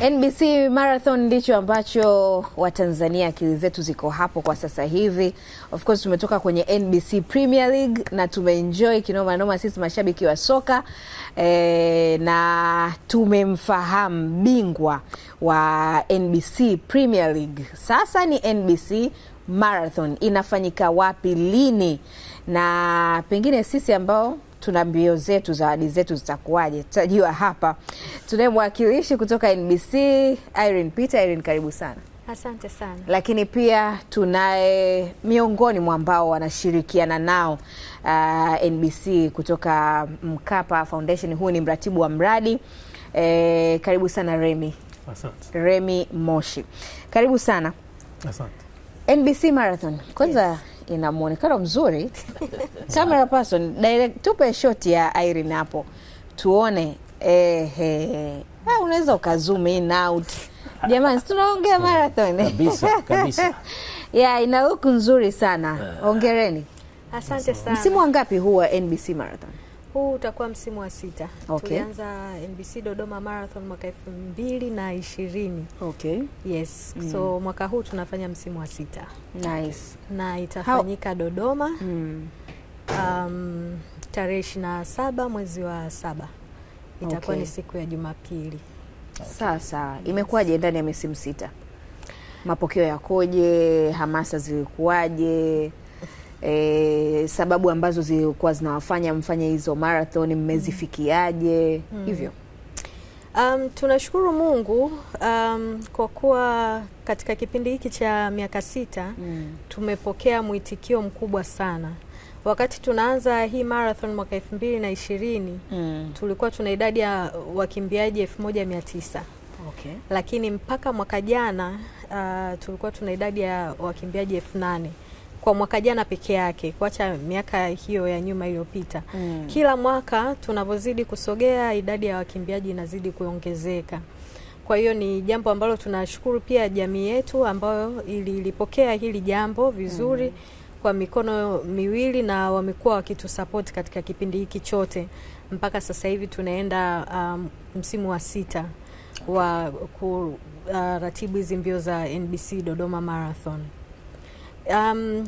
NBC Marathon ndicho ambacho Watanzania akili zetu ziko hapo kwa sasa hivi. Of course tumetoka kwenye NBC Premier League na tumeenjoy kinoma noma sisi mashabiki wa soka e, na tumemfahamu bingwa wa NBC Premier League. Sasa ni NBC Marathon inafanyika wapi, lini, na pengine sisi ambao tuna mbio zetu, zawadi zetu zitakuwaje? Tutajua hapa. Tunaye mwakilishi kutoka NBC Irene Peter. Irene, karibu sana. Asante sana. Lakini pia tunaye miongoni mwa ambao wanashirikiana nao uh, NBC kutoka Mkapa Foundation, Huu ni mratibu wa mradi eh, karibu sana Remi. Asante. Remi Moshi, karibu sana. Asante. NBC Marathon kwanza, yes ina mwonekano mzuri camera person direct, tupe shoti ya Irene hapo tuone. Ehe, ah, unaweza ukazoom in out jamani, tunaongea marathon kabisa, kabisa. Yeah, ina look nzuri sana. Hongereni, eh. asante sana. Msimu wangapi huu wa NBC Marathon? huu utakuwa msimu wa sita. Okay. Tulianza NBC Dodoma Marathon mwaka elfu mbili na ishirini. Okay. Yes. Mm. So mwaka huu tunafanya msimu wa sita. Nice. Na itafanyika How? Dodoma mm. um, tarehe ishirini na saba mwezi wa saba itakuwa okay. ni siku ya Jumapili. Okay. Sasa imekuwaje ndani ya misimu sita? Mapokeo yakoje? Hamasa zilikuwaje? e, sababu ambazo zilikuwa zinawafanya mfanye hizo marathon mmezifikiaje? mm. hivyo Um, tunashukuru Mungu um, kwa kuwa katika kipindi hiki cha miaka sita mm. tumepokea mwitikio mkubwa sana. Wakati tunaanza hii marathon mwaka elfu mbili na ishirini mm. tulikuwa tuna idadi ya wakimbiaji elfu moja mia tisa okay. Lakini mpaka mwaka jana uh, tulikuwa tuna idadi ya wakimbiaji elfu nane kwa mwaka jana peke yake, kuacha miaka hiyo ya nyuma iliyopita. Mm. Kila mwaka tunavyozidi kusogea, idadi ya wakimbiaji inazidi kuongezeka. Kwa hiyo ni jambo ambalo tunashukuru pia jamii yetu ambayo ilipokea hili jambo vizuri mm. kwa mikono miwili na wamekuwa wakitusapoti katika kipindi hiki chote mpaka sasa hivi tunaenda um, msimu wa sita wa kuratibu uh, hizi mbio za NBC Dodoma Marathon. Um,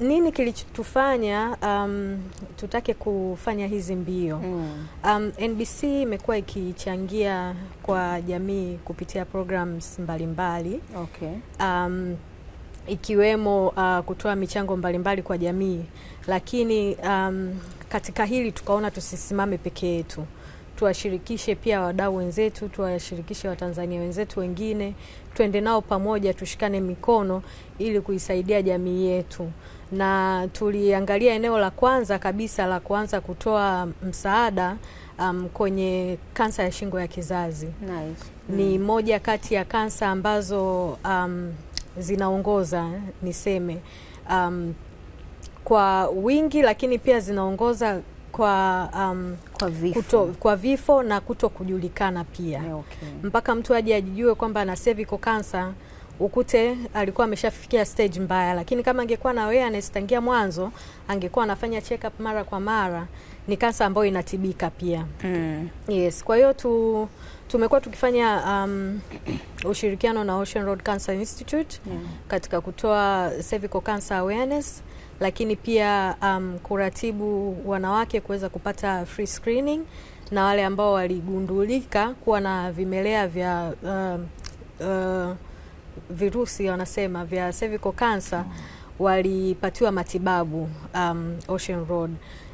nini kilichotufanya um, tutake kufanya hizi mbio mm. Um, NBC imekuwa ikichangia kwa jamii kupitia programs mbalimbali mbali. Okay. Um, ikiwemo uh, kutoa michango mbalimbali kwa jamii, lakini um, katika hili tukaona tusisimame peke yetu tuwashirikishe pia wadau wenzetu, tuwashirikishe Watanzania wenzetu wengine, twende nao pamoja, tushikane mikono ili kuisaidia jamii yetu. Na tuliangalia eneo la kwanza kabisa la kuanza kutoa msaada um, kwenye kansa ya shingo ya kizazi. Nice. Ni mm. moja kati ya kansa ambazo um, zinaongoza niseme um, kwa wingi, lakini pia zinaongoza kwa um, kwa vifo, kuto, kwa vifo na kuto kujulikana pia eh, okay. Mpaka mtu aje ajijue kwamba ana cervical cancer ukute alikuwa ameshafikia stage mbaya, lakini kama angekuwa na awareness tangia mwanzo, angekuwa anafanya check up mara kwa mara. Ni kansa ambayo inatibika pia mm. Yes, kwa hiyo tu tumekuwa tukifanya um, ushirikiano na Ocean Road Cancer Institute mm. katika kutoa cervical cancer awareness lakini pia um, kuratibu wanawake kuweza kupata free screening na wale ambao waligundulika kuwa na vimelea vya uh, uh, virusi wanasema vya cervical cancer mm. walipatiwa matibabu um, Ocean Road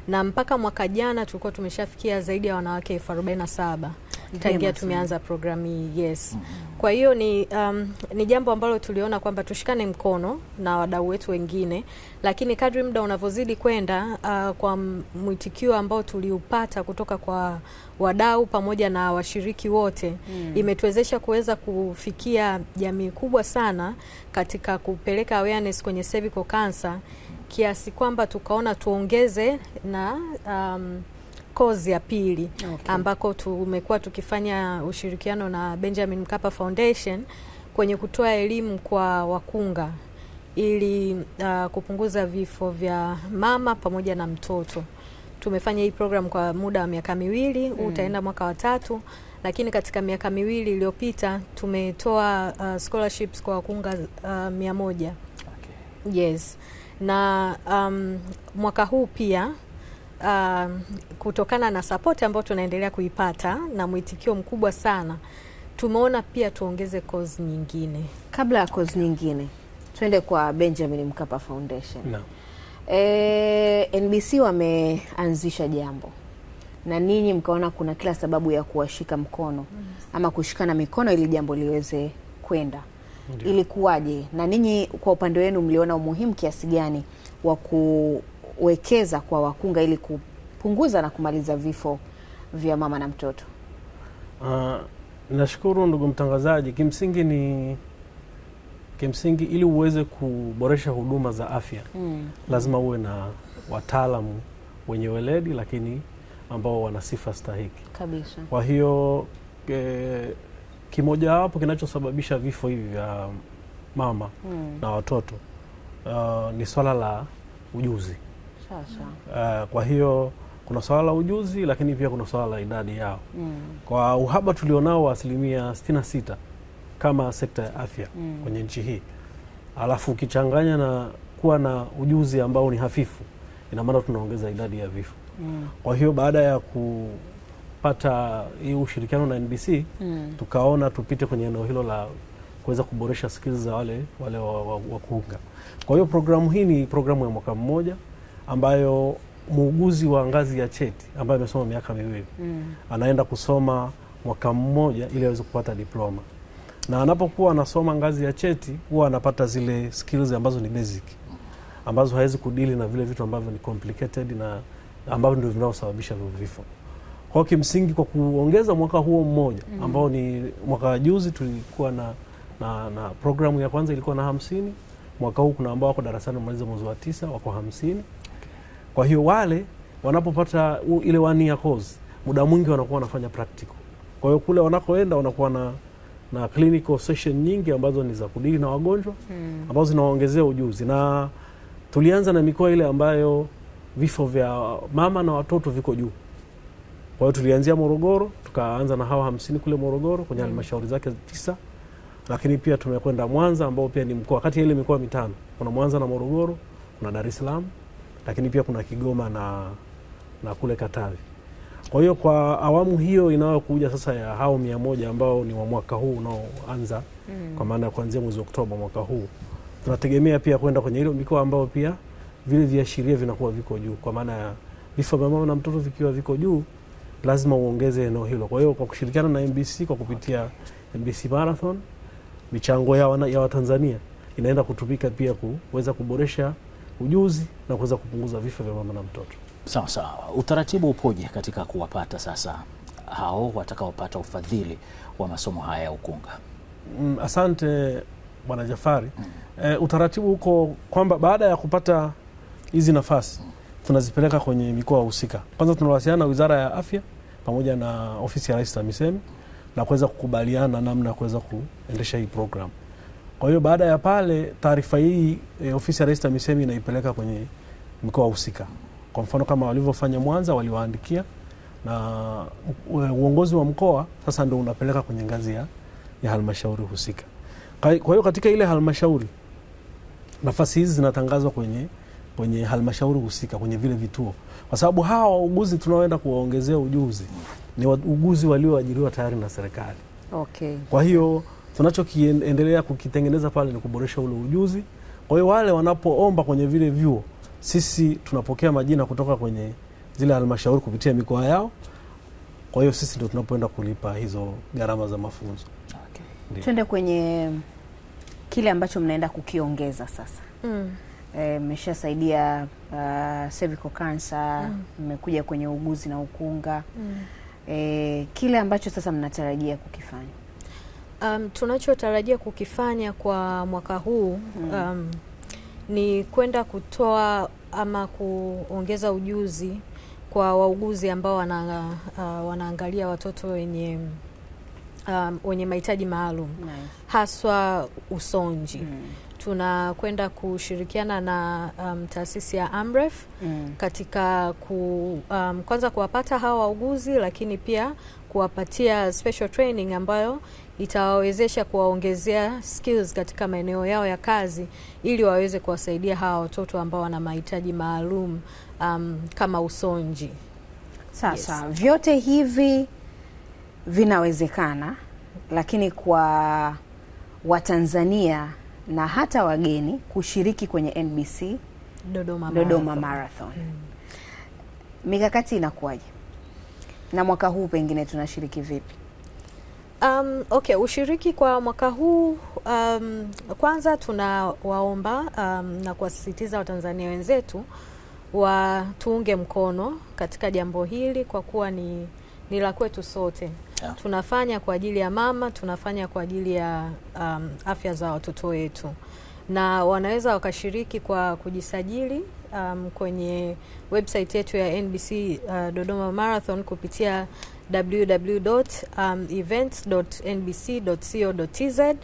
na mpaka mwaka jana tulikuwa tumeshafikia zaidi ya wanawake elfu arobaini na saba tangia tumeanza programu yes. mm -hmm. Kwa hiyo ni, um, ni jambo ambalo tuliona kwamba tushikane mkono na wadau wetu wengine, lakini kadri muda unavyozidi kwenda, uh, kwa mwitikio ambao tuliupata kutoka kwa wadau pamoja na washiriki wote mm. imetuwezesha kuweza kufikia jamii kubwa sana katika kupeleka awareness kwenye cervical cancer kiasi kwamba tukaona tuongeze na um, kozi ya pili okay, ambako tumekuwa tukifanya ushirikiano na Benjamin Mkapa Foundation kwenye kutoa elimu kwa wakunga ili uh, kupunguza vifo vya mama pamoja na mtoto. Tumefanya hii program kwa muda wa miaka miwili, huu mm, utaenda mwaka wa tatu, lakini katika miaka miwili iliyopita tumetoa uh, scholarships kwa wakunga uh, mia moja. Okay. Yes. Na um, mwaka huu pia uh, kutokana na sapoti ambayo tunaendelea kuipata na mwitikio mkubwa sana, tumeona pia tuongeze kozi nyingine. Kabla ya kozi nyingine, tuende kwa Benjamin Mkapa Foundation no. E, NBC wameanzisha jambo na ninyi mkaona kuna kila sababu ya kuwashika mkono ama kushikana mikono ili jambo liweze kwenda. Ilikuwaje? Na ninyi kwa upande wenu mliona umuhimu kiasi gani wa ku kuwekeza kwa wakunga ili kupunguza na kumaliza vifo vya mama na mtoto? Uh, nashukuru ndugu mtangazaji. Kimsingi ni kimsingi ili uweze kuboresha huduma za afya mm. lazima uwe na wataalamu wenye weledi lakini ambao wana sifa stahiki kabisa. Kwa hiyo e, kimojawapo kinachosababisha vifo hivi vya mama mm. na watoto uh, ni swala la ujuzi sasa. Uh, eh, kwa hiyo kuna swala la ujuzi lakini pia kuna swala la idadi yao mm. Kwa uhaba tulionao wa asilimia 66 kama sekta ya afya mm. kwenye nchi hii, alafu ukichanganya na kuwa na ujuzi ambao ni hafifu, ina maana tunaongeza idadi ya vifo mm. Kwa hiyo baada ya kupata hii ushirikiano na NBC mm. tukaona tupite kwenye eneo hilo la kuweza kuboresha skills za wale wale wa, wa, wa kuunga. Kwa hiyo programu hii ni programu ya mwaka mmoja ambayo muuguzi wa ngazi ya cheti ambaye amesoma miaka miwili mm. anaenda kusoma mwaka mmoja ili aweze kupata diploma, na anapokuwa anasoma ngazi ya cheti huwa anapata zile skills ambazo ni basic, ambazo hawezi kudili na vile vitu ambavyo ni complicated na ambavyo ndio vinavyosababisha vifo. Kwa kimsingi, kwa kuongeza mwaka huo mmoja mm. ambao ni mwaka juzi tulikuwa na, na, na programu ya kwanza ilikuwa na hamsini. Mwaka huu kuna ambao wako darasani wamaliza mwezi wa tisa wako hamsini kwa hiyo wale wanapopata ile one year course, muda mwingi wanakuwa wanafanya practical. Kwa hiyo kule wanakoenda wanakuwa na na clinical session nyingi ambazo ni za kudili na wagonjwa hmm, ambazo zinawaongezea ujuzi, na tulianza na mikoa ile ambayo vifo vya mama na watoto viko juu. Kwa hiyo tulianzia Morogoro, tukaanza na hawa hamsini kule Morogoro kwenye hmm. halmashauri mm. zake tisa, lakini pia tumekwenda Mwanza ambao pia ni mkoa kati ya ile mikoa mitano, kuna Mwanza na Morogoro, kuna Dar es Salaam lakini pia kuna Kigoma na, na kule Katavi. Kwa hiyo kwa awamu hiyo inayokuja sasa ya hao mia moja ambao ni wa mwaka huu unaoanza mm. kwa maana ya kuanzia mwezi Oktoba mwaka huu tunategemea pia kwenda kwenye hilo mikoa ambayo pia vile viashiria vinakuwa viko juu, kwa maana ya vifo vya mama na mtoto vikiwa viko juu, lazima uongeze eneo hilo. Kwa hiyo kwa kushirikiana na MBC kwa kupitia MBC Marathon, michango ya Watanzania inaenda kutumika pia kuweza kuboresha ujuzi na kuweza kupunguza vifo vya mama na mtoto. Sawa sawa. Utaratibu upoje katika kuwapata sasa hao watakaopata ufadhili wa masomo haya ya ukunga? Mm, asante Bwana Jafari. Mm. E, utaratibu huko kwamba baada ya kupata hizi nafasi mm, tunazipeleka kwenye mikoa husika. Kwanza tunawasiliana na Wizara ya Afya pamoja na Ofisi ya Rais TAMISEMI na kuweza kukubaliana namna ya kuweza kuendesha hii programu. Kwa hiyo baada ya pale taarifa hii e, ofisi ya Rais TAMISEMI inaipeleka kwenye mikoa husika. Kwa mfano kama walivyofanya Mwanza, waliwaandikia na uongozi wa mkoa sasa ndio unapeleka kwenye ngazi ya, ya halmashauri husika. Kwa hiyo katika ile halmashauri nafasi hizi zinatangazwa kwenye kwenye halmashauri husika kwenye vile vituo, kwa sababu hawa wauguzi tunaoenda kuwaongezea ujuzi ni wauguzi walioajiriwa tayari na serikali. Okay. Kwa hiyo tunachokiendelea kukitengeneza pale ni kuboresha ule ujuzi. Kwa hiyo wale wanapoomba kwenye vile vyuo, sisi tunapokea majina kutoka kwenye zile halmashauri kupitia mikoa yao. Kwa hiyo sisi ndio tunapoenda kulipa hizo gharama za mafunzo. Okay. Tuende kwenye kile ambacho mnaenda kukiongeza sasa. Mm. Eh, mmeshasaidia e, uh, cervical cancer mm. mmekuja mm. kwenye uguzi na ukunga mm. E, kile ambacho sasa mnatarajia kukifanya Um, tunachotarajia kukifanya kwa mwaka huu mm. um, ni kwenda kutoa ama kuongeza ujuzi kwa wauguzi ambao wana, uh, wanaangalia watoto wenye um, mahitaji maalum nice. haswa usonji mm. Tunakwenda kushirikiana na um, taasisi ya Amref mm. katika ku, um, kwanza kuwapata hawa wauguzi, lakini pia kuwapatia special training ambayo itawawezesha kuwaongezea skills katika maeneo yao ya kazi ili waweze kuwasaidia hawa watoto ambao wana mahitaji maalum um, kama usonji. Sasa yes. Vyote hivi vinawezekana, lakini kwa Watanzania na hata wageni kushiriki kwenye NBC Dodoma, Dodoma Marathon, hmm. mikakati inakuwaje? Na mwaka huu pengine tunashiriki vipi? Um, okay, ushiriki kwa mwaka huu um, kwanza tunawaomba um, na kuwasisitiza Watanzania wenzetu watuunge mkono katika jambo hili kwa kuwa ni, ni la kwetu sote yeah. Tunafanya kwa ajili ya mama, tunafanya kwa ajili ya um, afya za watoto wetu, na wanaweza wakashiriki kwa kujisajili um, kwenye website yetu ya NBC uh, Dodoma Marathon kupitia www.events.nbc.co.tz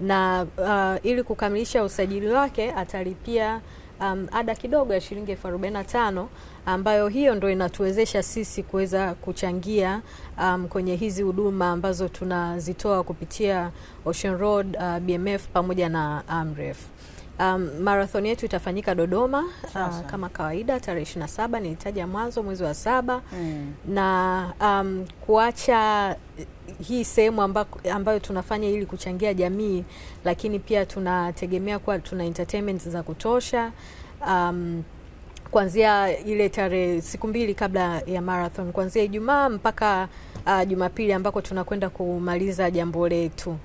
na uh, ili kukamilisha usajili wake atalipia um, ada kidogo ya shilingi elfu arobaini na tano ambayo hiyo ndo inatuwezesha sisi kuweza kuchangia um, kwenye hizi huduma ambazo tunazitoa kupitia Ocean Road uh, BMF pamoja na AMREF. Um, marathon yetu itafanyika Dodoma uh, kama kawaida tarehe 27 nilitaja mwanzo mwezi wa saba mm. na um, kuacha hii sehemu ambayo tunafanya ili kuchangia jamii, lakini pia tunategemea kuwa tuna entertainment za kutosha um, kuanzia ile tarehe siku mbili kabla ya marathon, kuanzia Ijumaa mpaka uh, Jumapili ambako tunakwenda kumaliza jambo letu.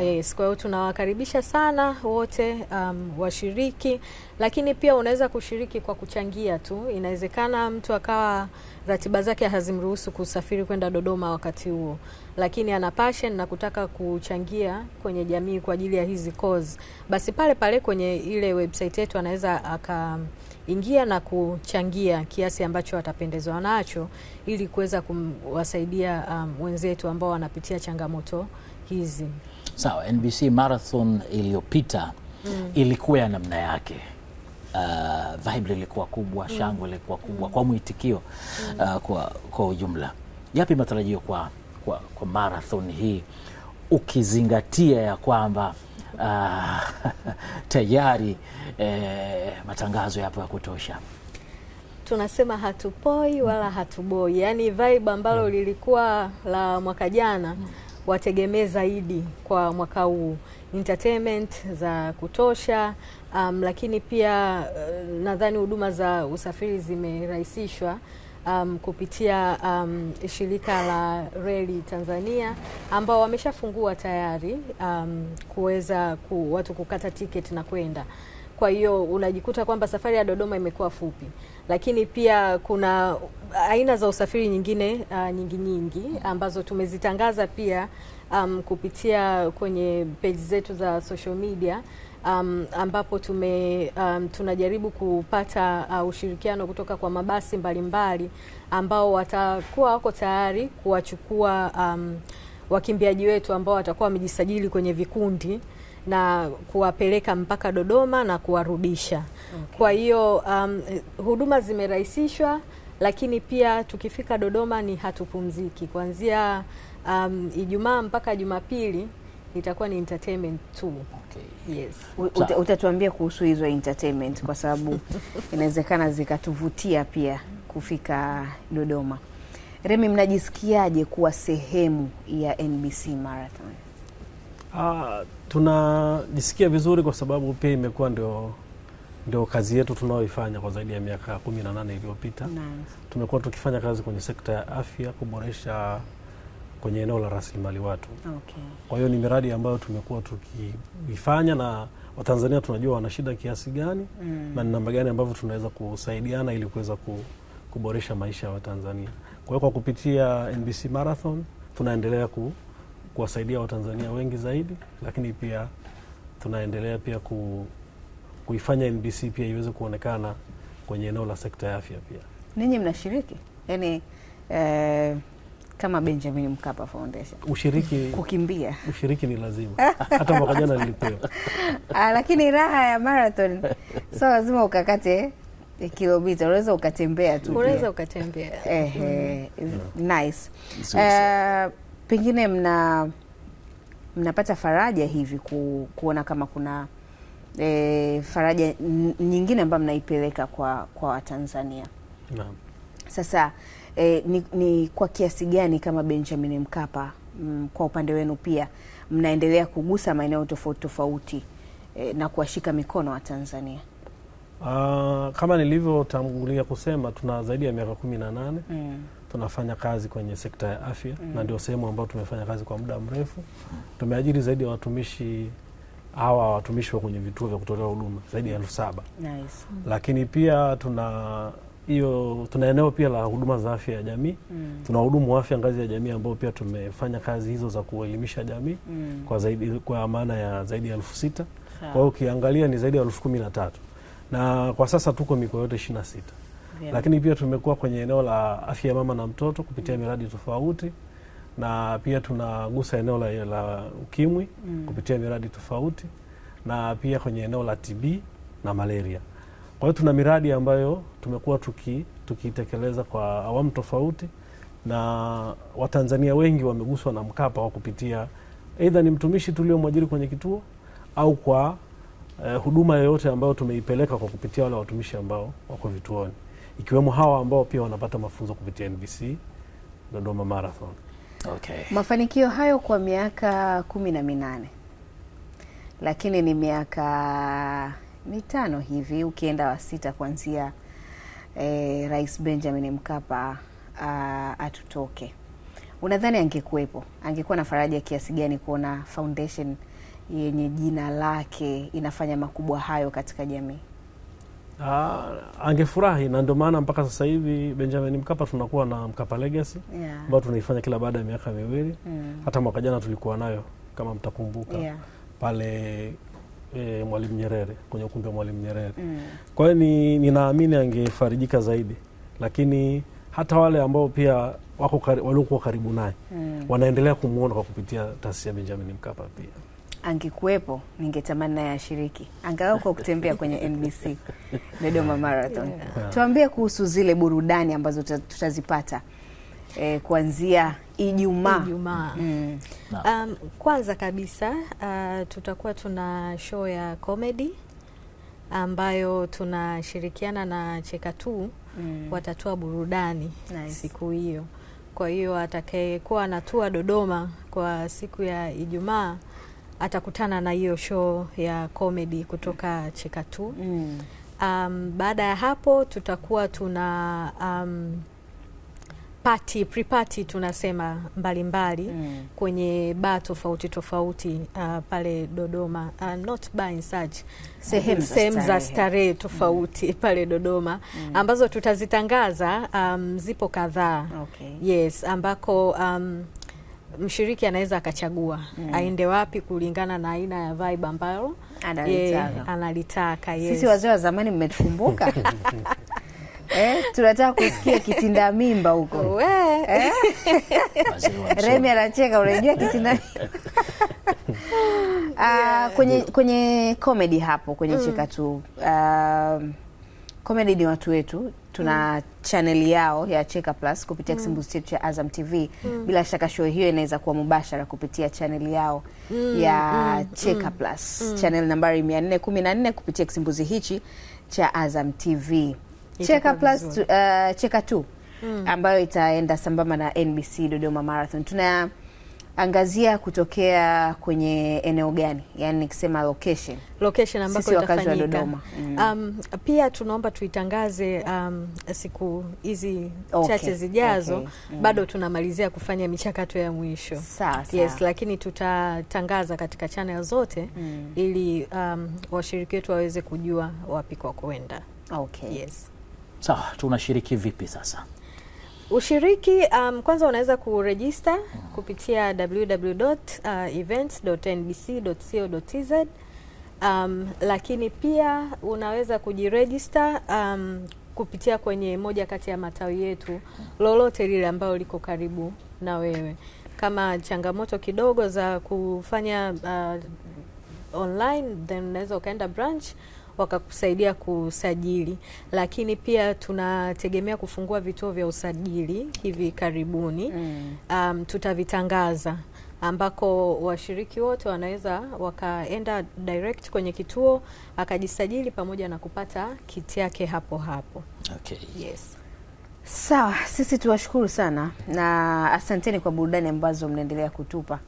Eh, yes, kwa hiyo tunawakaribisha sana wote um, washiriki, lakini pia unaweza kushiriki kwa kuchangia tu. Inawezekana mtu akawa ratiba zake hazimruhusu kusafiri kwenda Dodoma wakati huo, lakini ana passion na kutaka kuchangia kwenye jamii kwa ajili ya hizi cause, basi pale pale kwenye ile website yetu anaweza aka ingia na kuchangia kiasi ambacho watapendezwa nacho ili kuweza kuwasaidia um, wenzetu ambao wanapitia changamoto hizi. Sawa, so, NBC Marathon iliyopita mm. ilikuwa ya namna yake. Uh, vibe ilikuwa kubwa, mm. shangwe lilikuwa kubwa mm. kwa mwitikio mm. uh, kwa, kwa ujumla. Yapi matarajio kwa, kwa, kwa marathon hii ukizingatia ya kwamba Ah, tayari eh, matangazo yapo ya kutosha. Tunasema hatupoi wala hatuboi, yaani vibe ambalo hmm, lilikuwa la mwaka jana hmm, wategemee zaidi kwa mwaka huu entertainment za kutosha um, lakini pia uh, nadhani huduma za usafiri zimerahisishwa um, kupitia um, shirika la reli Tanzania ambao wameshafungua tayari um, kuweza ku, watu kukata tiketi na kwenda kwa hiyo unajikuta kwamba safari ya Dodoma imekuwa fupi, lakini pia kuna aina za usafiri nyingine uh, nyingi nyingi ambazo tumezitangaza pia um, kupitia kwenye page zetu za social media um, ambapo tume um, tunajaribu kupata uh, ushirikiano kutoka kwa mabasi mbalimbali mbali, ambao watakuwa wako tayari kuwachukua um, wakimbiaji wetu ambao watakuwa wamejisajili kwenye vikundi na kuwapeleka mpaka Dodoma na kuwarudisha. Okay. Kwa hiyo um, huduma zimerahisishwa, lakini pia tukifika Dodoma ni hatupumziki kuanzia um, Ijumaa mpaka Jumapili itakuwa ni entertainment tu. Okay. Yes. Uta, utatuambia kuhusu hizo entertainment kwa sababu inawezekana zikatuvutia pia kufika Dodoma. Remi, mnajisikiaje kuwa sehemu ya NBC Marathon? Ah, tunajisikia vizuri kwa sababu pia imekuwa ndio ndio kazi yetu tunaoifanya kwa zaidi ya miaka kumi na nane iliyopita. Nice. Tumekuwa tukifanya kazi kwenye sekta ya afya kuboresha kwenye eneo la rasilimali watu. Okay. Kwa hiyo ni miradi ambayo tumekuwa tukiifanya na Watanzania tunajua wana shida kiasi gani mm. na ni namna gani ambavyo tunaweza kusaidiana ili kuweza kuboresha maisha ya Watanzania. Kwa hiyo kwa kupitia NBC Marathon tunaendelea ku, kuwasaidia Watanzania wengi zaidi, lakini pia tunaendelea pia ku, kuifanya NBC pia iweze kuonekana kwenye eneo la sekta ya afya pia. Ninyi mnashiriki? yani, eh kama Benjamin Mkapa Foundation. Ushiriki, kukimbia ushiriki ni lazima hata mwaka jana nilipewa. Ah, lakini raha ya marathon so lazima ukakate kilomita, unaweza ukatembea tu, unaweza ukatembea. Ehe, mm. nice. Uh, pengine mna mnapata faraja hivi ku, kuona kama kuna e, faraja nyingine ambayo mnaipeleka kwa kwa Watanzania. Naam. Sasa e, ni, ni kwa kiasi gani kama Benjamin Mkapa m, mm, kwa upande wenu pia mnaendelea kugusa maeneo tofauti tofauti e, na kuwashika mikono wa Tanzania? Uh, kama nilivyotangulia kusema tuna zaidi ya miaka kumi na nane mm. tunafanya kazi kwenye sekta ya afya mm. na ndio sehemu ambayo tumefanya kazi kwa muda mrefu. Tumeajiri zaidi ya watumishi hawa watumishi wa kwenye vituo vya kutolea huduma zaidi ya elfu saba nice. Lakini pia tuna hiyo tuna eneo pia la huduma za afya ya jamii mm. tuna wahudumu wa afya ngazi ya jamii ambao pia tumefanya kazi hizo za kuelimisha jamii mm. kwa zaidi, kwa maana ya zaidi ya elfu sita kwa hiyo ukiangalia ni zaidi ya elfu kumi na tatu na kwa sasa tuko mikoa yote ishirini na sita yeah. Lakini pia tumekuwa kwenye eneo la afya ya mama na mtoto kupitia mm. miradi tofauti na pia tunagusa eneo la, la ukimwi mm. kupitia miradi tofauti na pia kwenye eneo la TB na malaria kwa hiyo tuna miradi ambayo tumekuwa tukiitekeleza tuki kwa awamu tofauti, na Watanzania wengi wameguswa na Mkapa wa kupitia aidha ni mtumishi tuliomwajiri kwenye kituo au kwa eh, huduma yoyote ambayo tumeipeleka kwa kupitia wale watumishi ambao wako vituoni ikiwemo hawa ambao pia wanapata mafunzo kupitia NBC Dodoma Marathon. Okay. Mafanikio hayo kwa miaka kumi na minane lakini ni miaka mitano hivi, ukienda wa sita kuanzia eh, Rais Benjamin Mkapa uh, atutoke, unadhani angekuwepo, angekuwa na faraja kiasi gani kuona foundation yenye jina lake inafanya makubwa hayo katika jamii? Uh, angefurahi na ndio maana mpaka sasa hivi Benjamin Mkapa tunakuwa na Mkapa Legacy ambayo yeah. tunaifanya kila baada ya miaka miwili mm. hata mwaka jana tulikuwa nayo kama mtakumbuka yeah. pale e, Mwalimu Nyerere kwenye ukumbi wa Mwalimu Nyerere mm. Kwa hiyo ni, ninaamini angefarijika zaidi, lakini hata wale ambao pia wako waliokuwa karibu naye mm. wanaendelea kumwona kwa kupitia taasisi ya Benjamin Mkapa pia angekuwepo ningetamani naye ashiriki angalau kwa kutembea kwenye NBC Dodoma Marathon. Yeah. Tuambie kuhusu zile burudani ambazo tutazipata eh, kuanzia Ijumaa Ijumaa. Mm. Um, kwanza kabisa uh, tutakuwa tuna show ya comedy ambayo tunashirikiana na Cheka Tu mm. watatua burudani nice. siku hiyo. Kwa hiyo atakayekuwa anatua Dodoma kwa siku ya Ijumaa atakutana na hiyo show ya comedy kutoka Cheka Tu mm. um, baada ya hapo tutakuwa tuna um, party pre-party tunasema mbalimbali mbali, mm. kwenye baa tofauti tofauti uh, pale Dodoma uh, not bar in such sehemu sehemu za starehe mm. tofauti mm. pale Dodoma mm. ambazo tutazitangaza um, zipo kadhaa okay. Yes, ambako um, mshiriki anaweza akachagua mm. aende wapi kulingana na aina ya vibe ambayo analitaka, analitaka yes. Sisi wazee wa zamani mmetukumbuka eh, tunataka kusikia kitinda mimba huko eh? Remi anacheka, unajua kitinda uh, kwenye, kwenye komedi hapo kwenye mm. cheka tu uh, ni watu wetu tuna mm. chaneli yao ya Cheka Plus kupitia mm. kisimbuzi chetu cha Azam TV mm. bila shaka show hiyo inaweza kuwa mubashara kupitia chaneli yao mm. ya mm. Cheka mm, Plus mm. chaneli nambari nne kupitia kisimbuzi hichi cha Azam TV. Cheka Plus uh, Cheka 2 mm. ambayo itaenda sambamba na NBC Dodoma Marathon. Tunaangazia kutokea kwenye eneo gani, yaani nikisema location, location ambako itafanyika Dodoma. Mm. Um, pia tunaomba tuitangaze um, siku hizi okay. chache zijazo okay. mm. bado tunamalizia kufanya michakato ya mwisho saa, yes Lakini tutatangaza katika channel zote mm. ili um, washiriki wetu waweze kujua wapi kwa kwenda Okay. Yes. Sawa, tunashiriki vipi sasa? Ushiriki um, kwanza unaweza kurejista kupitia www.events.nbc.co.tz um, lakini pia unaweza kujirejista um, kupitia kwenye moja kati ya matawi yetu lolote lile ambalo liko karibu na wewe. Kama changamoto kidogo za kufanya uh, online then unaweza ukaenda branch wakakusaidia kusajili, lakini pia tunategemea kufungua vituo vya usajili hivi karibuni mm. Um, tutavitangaza ambako washiriki wote wanaweza wakaenda direct kwenye kituo akajisajili pamoja na kupata kiti yake hapo hapo. Okay. Yes. Sawa, sisi tuwashukuru sana na asanteni kwa burudani ambazo mnaendelea kutupa.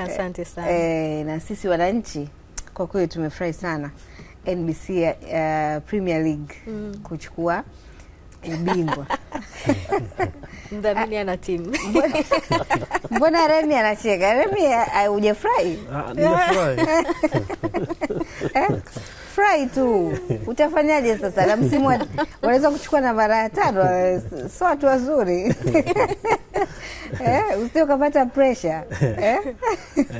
Asante eh, sana. E, na sisi wananchi kwa kweli tumefurahi sana. NBC uh, eh, eh, Premier League mm. kuchukua ubingwa eh, mdhamini ana timu mbona Remi anacheka? Remi hujafurahi? Ah, furahi tu, utafanyaje sasa? Na msimu wanaweza kuchukua mara ya tano, so watu wazuri eh, usio ukapata presha eh?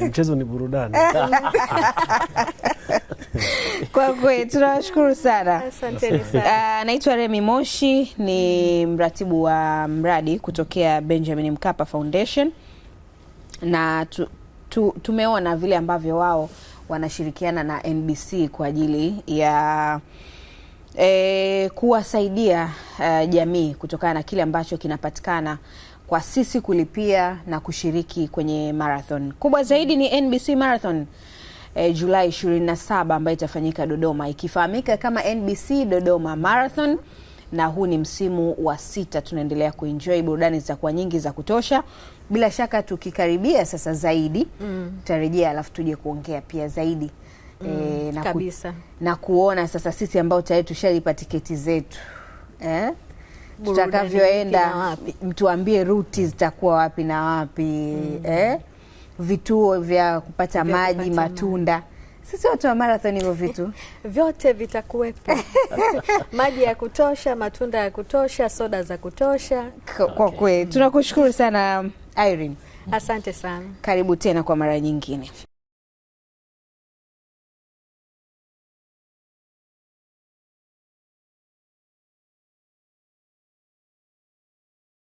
mchezo ni burudani kwa kweli tunawashukuru sana. anaitwa sana. Ah, Remi Moshi ni mratibu wa mradi kutokea Benjamin Mkapa Foundation na tu, tu, tumeona vile ambavyo wao wanashirikiana na NBC kwa ajili ya e, kuwasaidia uh, jamii kutokana na kile ambacho kinapatikana kwa sisi kulipia na kushiriki kwenye marathon. Kubwa zaidi ni NBC Marathon eh, Julai 27 ambayo itafanyika Dodoma ikifahamika kama NBC Dodoma Marathon na huu ni msimu wa sita, tunaendelea kuenjoy burudani zitakuwa nyingi za kutosha. Bila shaka tukikaribia sasa zaidi mm. tutarejea alafu tuje kuongea pia zaidi mm. E, na, Ku, na kuona sasa sisi ambao tayari tushalipa tiketi zetu eh? tutakavyoenda, mtuambie ruti zitakuwa wapi na wapi mm. eh? vituo vya kupata vya maji kupata matunda maji. Sisi watu wa marathon hivyo vitu vyote vitakuwepo, maji ya kutosha, matunda ya kutosha, soda za kutosha. Kwa okay. kweli tunakushukuru sana Irene, asante sana, karibu tena kwa mara nyingine.